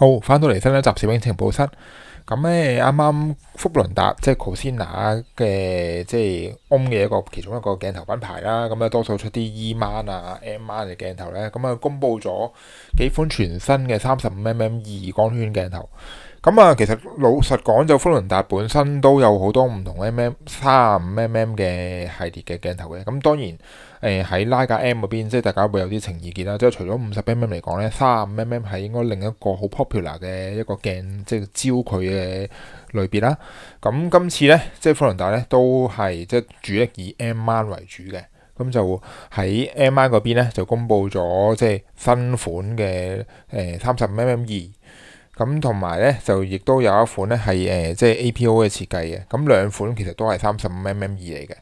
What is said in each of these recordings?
好，翻到嚟新一集攝影情報室，咁咧啱啱福倫達即係 Cosina 嘅即係歐嘅一個其中一個鏡頭品牌啦，咁、嗯、咧多數出啲 E mount 啊 M mount 嘅鏡頭咧，咁、嗯、啊公布咗幾款全新嘅三十五 mm 二光圈鏡頭。咁啊，其實老實講就福倫達本身都有好多唔同 M M 三十五 M M 嘅系列嘅鏡頭嘅。咁當然誒喺、呃、徠卡 M 嗰邊，即係大家會有啲情意結啦。即係除咗五十 M M 嚟講咧，三十五 M M 係應該另一個好 popular 嘅一個鏡，即係焦距嘅類別啦。咁今次咧，即係福倫達咧都係即係主力以 M I N 為主嘅。咁就喺 M I N 嗰邊咧就公布咗即係新款嘅誒三十五 M M 二。呃咁同埋咧，就亦都有一款咧係誒，即係 APO 嘅設計嘅。咁兩款其實都係三十五 mm 二嚟嘅。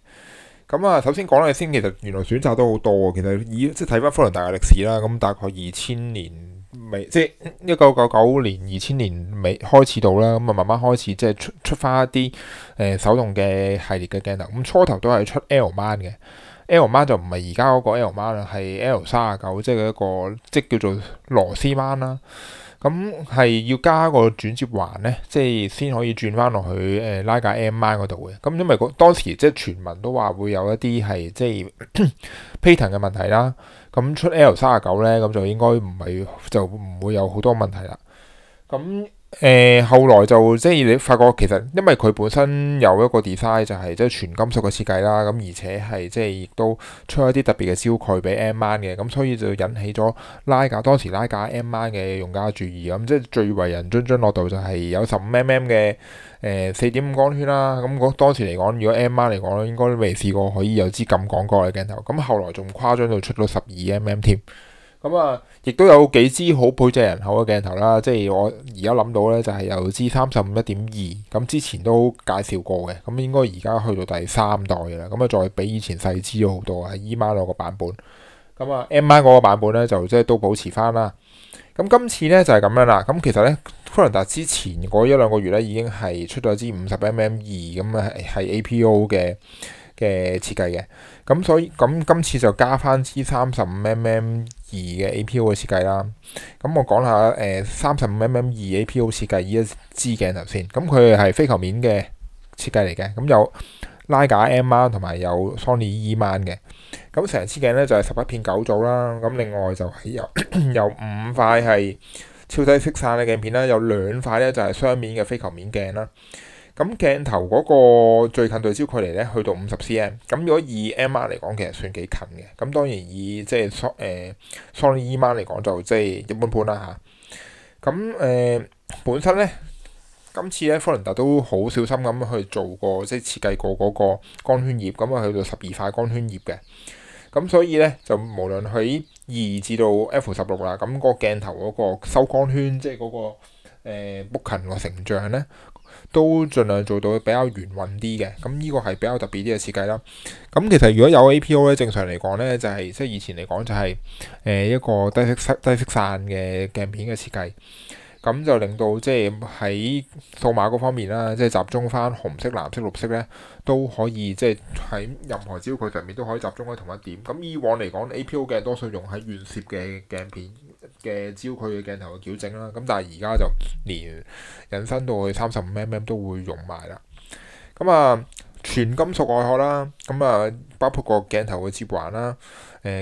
咁啊，首先講嘢先，其實原來選擇都好多啊。其實以即係睇翻福倫達嘅歷史啦，咁大概二千年尾，即係一九九九年、二千年尾開始到啦。咁啊，慢慢開始即係出出翻一啲誒、呃、手動嘅系列嘅鏡頭。咁初頭都係出 L 彎嘅，L 彎就唔係而家嗰個 L 彎啦，係 L 三啊九，39, 即係一個即叫做螺絲彎啦。咁係、嗯、要加個轉接環咧，即係先可以轉翻落去誒、呃、拉架 M i 嗰度嘅。咁、嗯、因為個當時即係傳聞都話會有一啲係即係 patent 嘅問題啦。咁、嗯、出 L 三十九咧，咁、嗯、就應該唔係就唔會有好多問題啦。咁、嗯誒，後來就即係你發覺其實，因為佢本身有一個 design 就係即係全金屬嘅設計啦，咁而且係即係亦都出一啲特別嘅焦距俾 M mount 嘅，咁所以就引起咗拉架，當時拉架 M mount 嘅用家注意咁，即係最為人津津樂道就係有十五 mm 嘅誒四點五光圈啦，咁嗰當時嚟講，如果 M mount 嚟講咧，應該都未試過可以有支咁廣角嘅鏡頭，咁後來仲誇張到出到十二 mm 添。咁啊，亦、嗯、都有幾支好配借人口嘅鏡頭啦，即係我而家諗到咧，就係有支三十五一點二，咁之前都介紹過嘅，咁應該而家去到第三代嘅啦，咁啊再比以前細支好多啊，M 版嗰個版本，咁、嗯、啊 M i 嗰個版本咧就即係都保持翻啦。咁、嗯、今次咧就係、是、咁樣啦，咁、嗯、其實咧，福倫達之前嗰一兩個月咧已經係出咗支五十 mm 二咁啊係 APO 嘅嘅設計嘅，咁、嗯、所以咁、嗯、今次就加翻支三十五 mm，二嘅 APO 嘅設計啦，咁我講下誒三十五 mm 二 APO 設計呢一支鏡頭先，咁佢係非球面嘅設計嚟嘅，咁有 Leica M mount 同埋有，有 Sony E mount 嘅，咁成支鏡咧就係十一片九組啦，咁另外就係有 有五塊係超低色散嘅鏡片啦，有兩塊咧就係、係、雙面嘅非球面鏡啦。咁鏡頭嗰個最近對焦距離咧，去到五十 cm。咁如果以 M Mount 嚟講，其實算幾近嘅。咁當然以即係 Sony E-Mount 嚟講，就即係一般般啦嚇。咁、啊、誒本身咧，今次咧，福倫達都好小心咁去做個即係設計過嗰個光圈葉，咁啊去到十二塊光圈葉嘅。咁所以咧，就無論喺二至到 F 十六啦，咁個鏡頭嗰個收光圈，即係嗰個誒 bokeh 個成像咧。都盡量做到比較圓潤啲嘅，咁呢個係比較特別啲嘅設計啦。咁其實如果有 APO 咧，正常嚟講咧就係、是、即係以前嚟講就係、是、誒、呃、一個低色低色散嘅鏡片嘅設計，咁就令到即係喺數碼嗰方面啦，即係集中翻紅色、藍色、綠色咧都可以，即係喺任何焦距上面都可以集中喺同一點。咁以往嚟講，APO 嘅多數用喺遠攝嘅鏡片。嘅焦距嘅鏡頭嘅矯正啦，咁但係而家就連引申到去三十五 mm 都會用埋啦。咁啊，全金屬外殼啦，咁啊，包括個鏡頭嘅接環啦。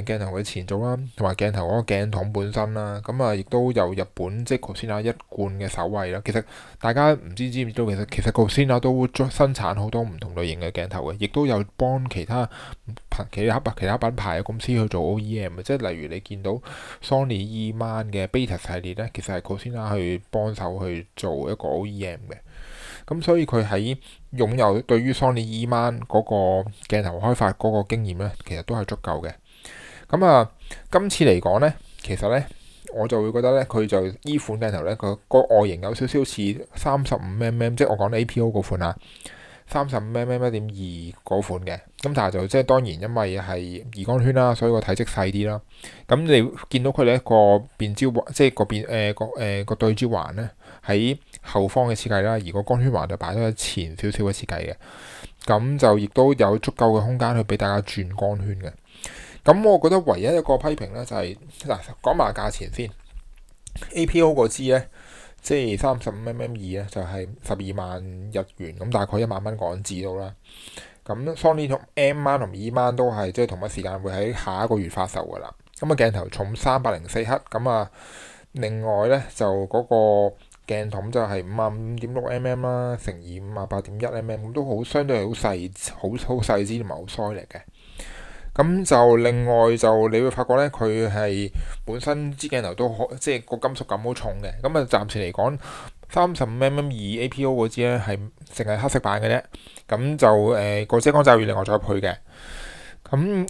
誒鏡頭嘅前組啦，同埋鏡頭嗰個鏡筒本身啦，咁啊，亦都有日本即係 Cosina 一貫嘅首位啦。其實大家唔知知唔知道，其實其實 Cosina 都會生產好多唔同類型嘅鏡頭嘅，亦都有幫其他其他其他品牌嘅公司去做 OEM 嘅，即係例如你見到 Sony E-mount 嘅 Beta 系列咧，其實係 Cosina 去幫手去做一個 OEM 嘅。咁所以佢喺擁有對於 Sony E-mount 嗰個鏡頭開發嗰個經驗咧，其實都係足夠嘅。咁啊，今次嚟講咧，其實咧我就會覺得咧，佢就依款鏡頭咧個個外形有少少似三十五 mm，即係我講 A.P.O 嗰款啊，三十五 mm 一點二嗰款嘅。咁但係就即係當然，因為係二光圈啦，所以個體積細啲啦。咁你見到佢哋一個變焦環，即係個變誒個誒個對焦環咧喺後方嘅設計啦，而個光圈環就擺咗喺前少少嘅設計嘅。咁就亦都有足夠嘅空間去俾大家轉光圈嘅。咁我覺得唯一一個批評咧就係嗱講埋價錢先，APO 嗰支咧即係三十五 mm 二咧就係十二萬日元咁大概一萬蚊港紙到啦。咁 Sony 同 M mount 同 E mount 都係即係同一時間會喺下一個月發售噶啦。咁啊鏡頭重三百零四克咁啊，另外咧就嗰個鏡筒就係五啊五點六 mm 啦，乘以五啊八點一 mm 咁都好相對係好細好好細支同埋好細嚟嘅。咁就另外就你會發覺咧，佢係本身支鏡頭都好，即係個金屬感好重嘅。咁啊，暫時嚟講，三十五 mm 二 APO 嗰支咧係淨係黑色版嘅啫。咁就誒個遮光罩要另外再配嘅。咁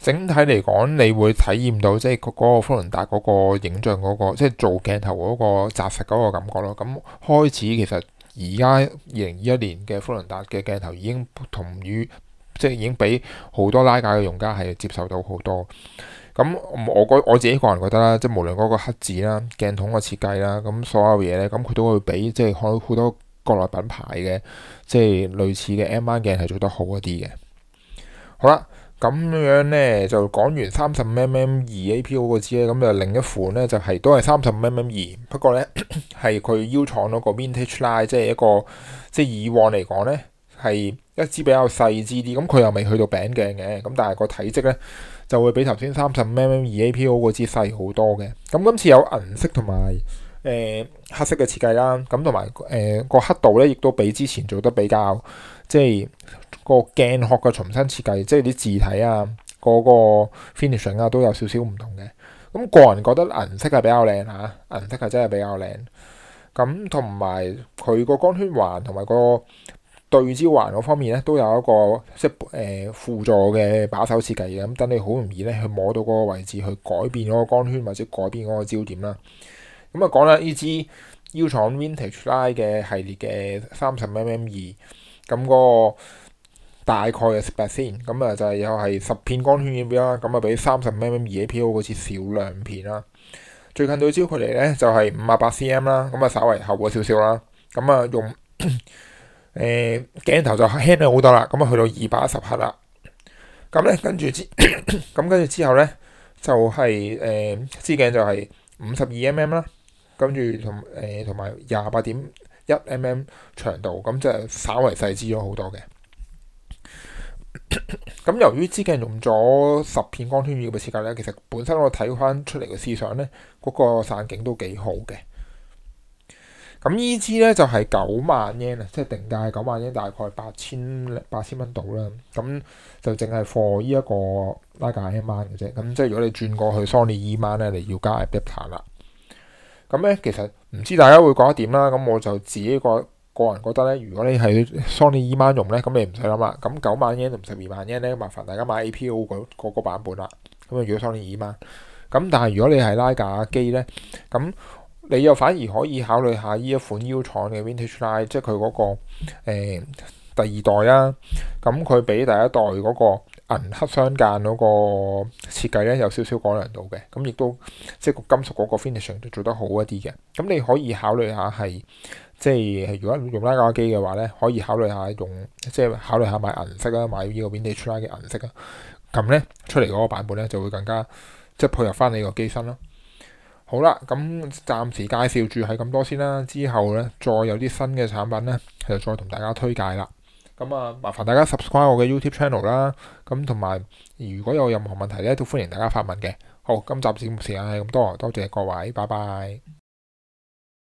整體嚟講，你會體驗到即係嗰個福倫達嗰個影像嗰個，即係做鏡頭嗰個紮實嗰個感覺咯。咁開始其實而家二零二一年嘅福倫達嘅鏡頭已經唔同於。即係已經比好多拉架嘅用家係接受到好多。咁我我自己個人覺得啦，即係無論嗰個黑字啦、鏡筒嘅設計啦，咁所有嘢咧，咁佢都會比即係好多國內品牌嘅即係類似嘅 M1 鏡係做得好一啲嘅。好啦，咁樣咧就講完三十五 mm 二 APO 嗰支字咧，咁就另一款咧就係、是、都係三十五 mm 二，不過咧係佢腰廠嗰個 Vintage Line，即係一個即係以往嚟講咧係。一支比較細支啲，咁佢又未去到餅鏡嘅，咁但係個體積咧就會比頭先三十五 mm 二 APO 嗰支細好多嘅。咁今次有銀色同埋誒黑色嘅設計啦，咁同埋誒個黑度咧亦都比之前做得比較，即係、嗰個鏡殼嘅重新設計，即係啲字體啊、嗰個 finishing 啊都有少少唔同嘅。咁、個人覺得銀色係比較靚嚇、啊，銀色係真係比較靚。咁同埋佢個光圈環同埋、嗰個。對焦環嗰方面咧，都有一個即係誒輔助嘅把手設計嘅。咁等你好容易咧去摸到嗰個位置去改變嗰個光圈或者改變嗰個焦點啦。咁啊講啦，呢支 Ultron Vintage Line 嘅系列嘅三十 mm 二，咁嗰個大概嘅 spec，咁啊就係又係十片光圈表啦。咁啊比三十 mm 二 A.P.O 好似少兩片啦。最近對焦距離咧就係五啊八 cm 啦，咁啊稍為厚少少啦。咁啊用。 誒、呃、鏡頭就輕咗好多啦，咁啊去到二百一十克啦。咁咧跟住之，咁跟住之後咧就係、是、誒、呃、支鏡就係五十二 mm 啦，跟住同誒同埋廿八點一 mm 長度，咁即係稍微細支咗好多嘅。咁由於支鏡用咗十片光圈葉嘅設計咧，其實本身我睇翻出嚟嘅思想咧，嗰、那個散景都幾好嘅。咁呢支咧就係、是、九萬 yen 啊，即係定價九萬 yen，大概八千八千蚊到啦。咁就淨係貨呢一個拉架 M-mount 嘅啫。咁即係如果你轉過去 Sony E-mount 咧，你要加 Adapter 啦。咁咧其實唔知大家會覺得點啦。咁我就自己個個人覺得咧，如果你係 Sony E-mount 用咧，咁你唔使諗啦。咁九萬 yen 同十二萬 yen 咧，麻煩大家買 APO 個、那個版本啦。咁啊，如果 Sony E-mount，咁但係如果你係拉架機咧，咁。你又反而可以考慮下呢一款優廠嘅 Vintage Line，即係佢嗰個、呃、第二代啦、啊。咁、嗯、佢比第一代嗰個銀黑相間嗰個設計咧有少少改良到嘅。咁、嗯、亦都即係個金屬嗰個 finish 都做得好一啲嘅。咁、嗯、你可以考慮下係即係如果用拉架機嘅話咧，可以考慮下用即係考慮下買銀色啊，買個 Line 呢個 Vintage Line 嘅銀色啊。咁咧出嚟嗰個版本咧就會更加即係配合翻你個機身咯。好啦，咁暫時介紹住係咁多先啦。之後咧再有啲新嘅產品咧，就再同大家推介啦。咁啊，麻煩大家 subscribe 我嘅 YouTube channel 啦。咁同埋如果有任何問題咧，都歡迎大家發問嘅。好，今集節目時間係咁多，多謝各位，拜拜。